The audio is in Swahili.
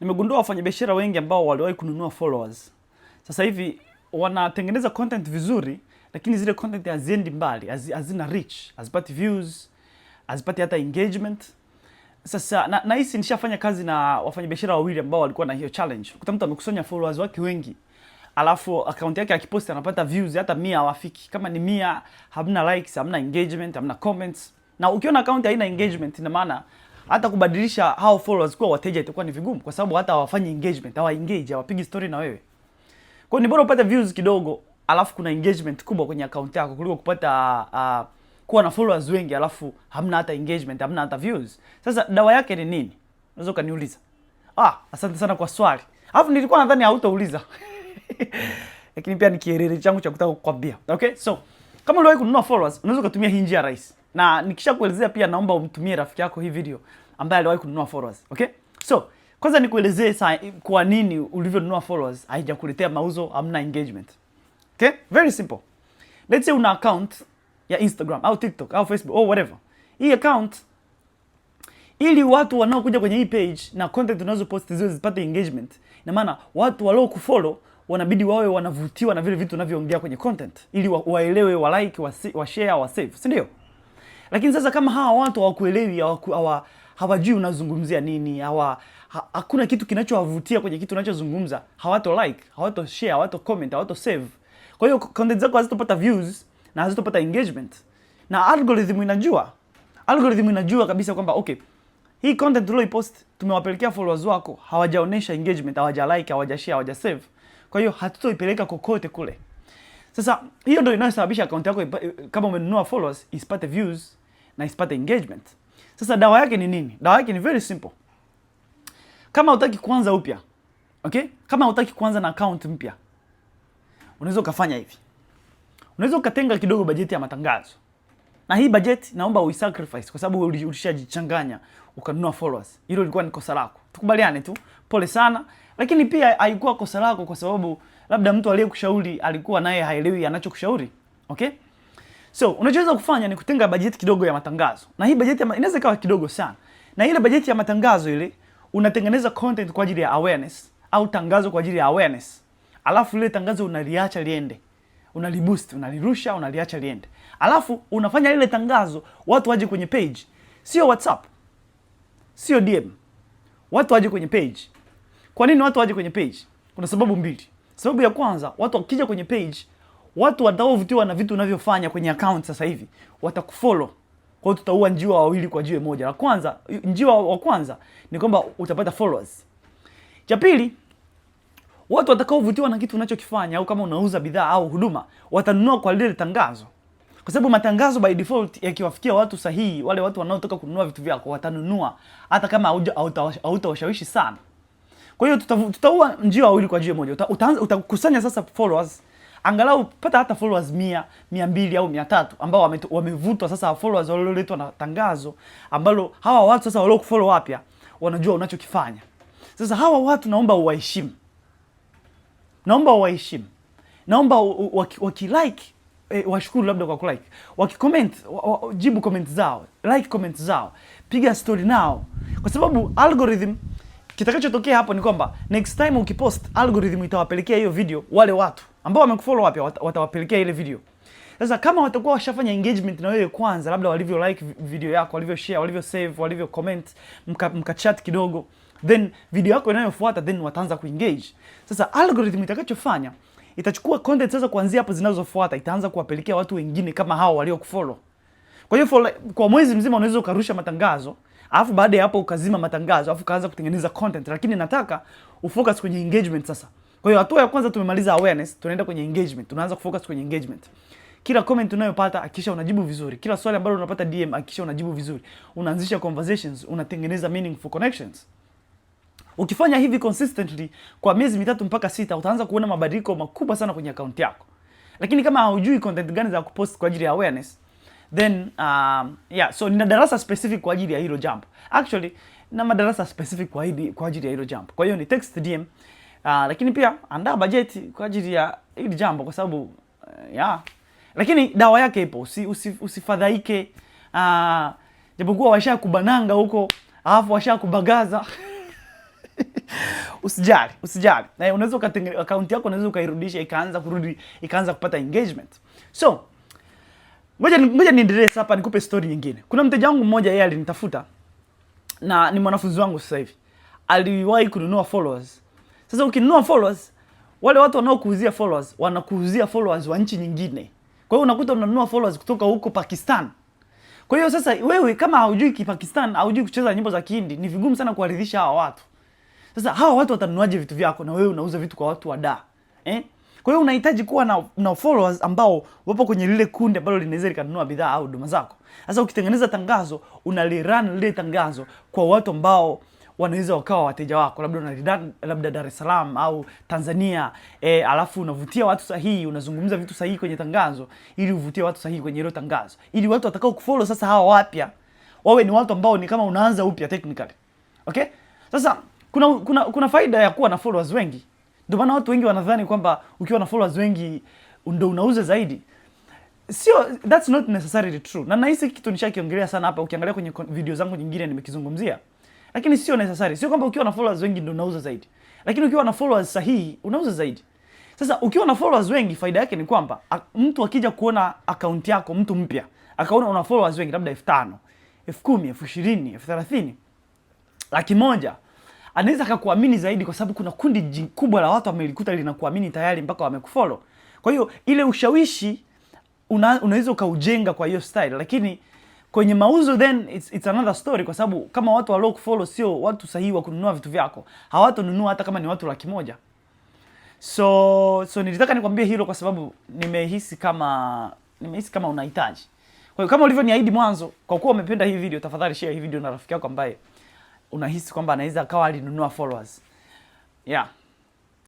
nimegundua wafanyabiashara wengi ambao waliwahi kununua followers sasa hivi wanatengeneza content vizuri, lakini zile content haziendi mbali, hazina reach, hazipati views, hazipati hata engagement. Sasa na, na hisi nishafanya kazi na wafanyabiashara wawili ambao walikuwa na hiyo challenge. Kuta mtu amekusanya followers wake wengi, alafu akaunti yake akiposti anapata views hata mia hawafiki. Kama ni mia, hamna likes, hamna engagement, hamna comments. Na ukiona akaunti haina engagement, ina maana hata kubadilisha hao followers kuwa wateja itakuwa ni vigumu, kwa sababu hata hawafanyi engagement, hawa engage, hawapigi story na wewe. Kwa hiyo ni bora upate views kidogo, alafu kuna engagement kubwa kwenye account yako kuliko kupata uh, kuwa na followers wengi alafu hamna hata engagement, hamna hata views. Sasa dawa yake ni nini? Unaweza ukaniuliza. Ah, asante sana kwa swali. Alafu nilikuwa nadhani hautauliza. Lakini pia ni kierere changu cha kutaka kukwambia. Okay? So, kama uliwahi kununua followers, unaweza ukatumia hii njia rahisi na nikishakuelezea pia, naomba umtumie rafiki yako hii video ambaye aliwahi kununua followers. Okay, so kwanza nikuelezee kwa nini ulivyonunua followers haijakuletea mauzo, amna engagement. Okay, very simple. Let's say una account ya Instagram au TikTok au Facebook au whatever. Hii account ili watu wanaokuja kwenye hii page na content unazo post ziwe zipate engagement. na maana watu walio kufollow wanabidi wawe wanavutiwa na vile vitu unavyoongea kwenye content ili wa, waelewe, wa like, wa, wa share, wa save, si ndio? Lakini sasa kama hawa watu hawakuelewi, hawajui unazungumzia nini, hawa ha, hakuna kitu kinachowavutia kwenye kitu unachozungumza, hawato like, hawato share, hawato comment, hawato save. Kwa hiyo content zako hazitopata views na hazitopata engagement, na algorithm inajua, algorithm inajua kabisa kwamba okay, hii content tulioipost tumewapelekea followers wako, hawajaonesha engagement, hawaja like, hawaja share, hawaja save, kwa hiyo hatutoipeleka kokote kule. Sasa hiyo ndio inayosababisha account yako kama umenunua followers isipate views na isipate engagement. Sasa dawa yake ni nini? Dawa yake ni very simple. Kama hutaki kuanza upya, okay? Kama hutaki kuanza na account mpya, unaweza ukafanya hivi. Unaweza ukatenga kidogo bajeti ya matangazo. Na hii bajeti naomba uisacrifice kwa sababu ulishajichanganya ukanunua followers. Hilo lilikuwa ni kosa lako. Tukubaliane tu. Pole sana. Lakini pia haikuwa kosa lako kwa sababu labda mtu aliyekushauri alikuwa naye haelewi anachokushauri. Okay? So unachoweza kufanya ni kutenga bajeti kidogo ya matangazo, na hii bajeti inaweza ikawa kidogo sana, na ile bajeti ya matangazo ile unatengeneza content kwa ajili ya awareness au tangazo kwa ajili ya awareness, alafu lile tangazo unaliacha liende, unaliboost, unalirusha, unaliacha liende, alafu unafanya lile tangazo watu waje kwenye page, sio WhatsApp, sio DM, watu waje kwenye page. Kwa nini watu waje kwenye page? Kuna sababu mbili. Sababu ya kwanza, watu wakija kwenye page watu watakaovutiwa na vitu unavyofanya kwenye account sasa hivi watakufollow. Kwa hiyo tutaua njiwa wawili kwa jiwe moja. La kwanza, njiwa wa kwanza ni kwamba utapata followers. Cha pili, watu watakaovutiwa na kitu unachokifanya au kama unauza bidhaa au huduma watanunua kwa lile tangazo, kwa sababu matangazo by default yakiwafikia watu sahihi, wale watu wanaotaka kununua vitu vyako watanunua, hata kama hautawashawishi sana. Kwa hiyo tutaua njiwa wawili kwa jiwe moja. Utakusanya sasa followers angalau pata hata followers mia, mia mbili au mia tatu ambao wame, wamevutwa sasa followers walioletwa na tangazo ambalo hawa watu sasa walio kufollow wapya wanajua unachokifanya. Sasa hawa watu naomba uwaheshimu, naomba uwaheshimu, naomba wakilike E, washukuru labda kwa kulike, wakicomment jibu comment zao, like comment zao, piga story nao, kwa sababu algorithm, kitakachotokea hapo ni kwamba next time ukipost, algorithm itawapelekea hiyo video wale watu ambao wamekufollow wapi watawapelekea ile video. Sasa kama watakuwa washafanya engagement na wewe kwanza, labda walivyo like video yako, walivyo share, walivyo save, walivyo comment, mka, mka chat kidogo, then video yako inayofuata then wataanza kuengage. Sasa algorithm itakachofanya itachukua content sasa kuanzia hapo zinazofuata, itaanza kuwapelekea watu wengine kama hao waliokufollow. Kwa hiyo kwa mwezi mzima unaweza ukarusha matangazo, alafu baada ya hapo ukazima matangazo, alafu kaanza kutengeneza content, lakini nataka ufocus kwenye engagement sasa. Kwa hiyo hatua ya kwanza tumemaliza awareness, tunaenda kwenye engagement. Tunaanza kufocus kwenye engagement. Kila comment unayopata hakikisha unajibu vizuri. Kila swali ambalo unapata DM hakikisha unajibu vizuri. Unaanzisha conversations, unatengeneza meaningful connections. Ukifanya hivi consistently kwa miezi mitatu mpaka sita utaanza kuona mabadiliko makubwa sana kwenye akaunti yako. Lakini kama haujui content gani za kupost kwa ajili ya awareness, then um, yeah, so nina darasa specific kwa ajili ya hilo jambo. Actually, na madarasa specific kwa ajili kwa ajili ya hilo jambo. Kwa hiyo ni text DM Uh, lakini pia andaa bajeti kwa ajili ya hili jambo kwa sababu uh, eh, yeah. Lakini dawa yake ipo, usi, usi, usifadhaike. Uh, japokuwa washakubananga huko alafu washakubagaza usijali, usijali. Na eh, unaweza ukatengeneza account yako unaweza ukairudisha ikaanza kurudi ikaanza kupata engagement. So ngoja ngoja niendelee hapa nikupe story nyingine. Kuna mteja wangu mmoja yeye alinitafuta na ni mwanafunzi wangu sasa hivi. Aliwahi kununua followers sasa ukinunua followers, wale watu wanaokuuzia followers wanakuuzia followers wa nchi nyingine. Kwa hiyo unakuta unanunua followers kutoka huko Pakistan. Kwa hiyo sasa wewe kama haujui Kipakistan, haujui kucheza nyimbo za Kihindi, ni vigumu sana kuwaridhisha hawa watu. Sasa hawa watu watanunuaje vitu vyako na wewe unauza vitu kwa watu wa da? Eh? Kwa hiyo unahitaji kuwa na, na followers ambao wapo kwenye lile kundi ambalo linaweza likanunua bidhaa au huduma zako. Sasa ukitengeneza tangazo, unalirun lile tangazo kwa watu ambao wanaweza wakawa wateja wako, labda labda Dar es Salaam au Tanzania e, alafu unavutia watu sahihi, unazungumza vitu sahihi kwenye tangazo ili uvutie watu sahihi kwenye hilo tangazo, ili watu watakao kufollow sasa hawa wapya wawe ni watu ambao ni kama unaanza upya technically. Okay, sasa kuna, kuna, kuna faida ya kuwa na followers wengi. Ndio maana watu wengi wanadhani kwamba ukiwa na followers wengi ndio unauza zaidi. Sio, that's not necessarily true. Na nahisi kitu nishakiongelea sana hapa, ukiangalia kwenye video zangu nyingine nimekizungumzia lakini sio necessary. Sio kwamba ukiwa na followers wengi ndio unauza zaidi, lakini ukiwa na followers sahihi unauza zaidi. Sasa ukiwa na followers wengi, faida yake ni kwamba mtu akija kuona account yako, mtu mpya akaona una followers wengi, labda elfu tano elfu kumi elfu ishirini elfu thelathini laki moja anaweza akakuamini zaidi, kwa sababu kuna kundi kubwa la watu wamelikuta linakuamini tayari mpaka wamekufollow. Kwa hiyo ile ushawishi una, unaweza ukaujenga kwa hiyo style, lakini kwenye mauzo then it's, it's another story, kwa sababu kama watu walio kufollow sio watu sahihi wa kununua vitu vyako, hawatonunua hata kama ni watu laki moja. So so nilitaka nikwambie hilo kwa sababu nimehisi kama nimehisi kama unahitaji. Kwa hiyo kama ulivyoniahidi mwanzo, kwa kuwa umependa hii video, tafadhali share hii video na rafiki yako ambaye unahisi kwamba anaweza akawa alinunua followers. Yeah.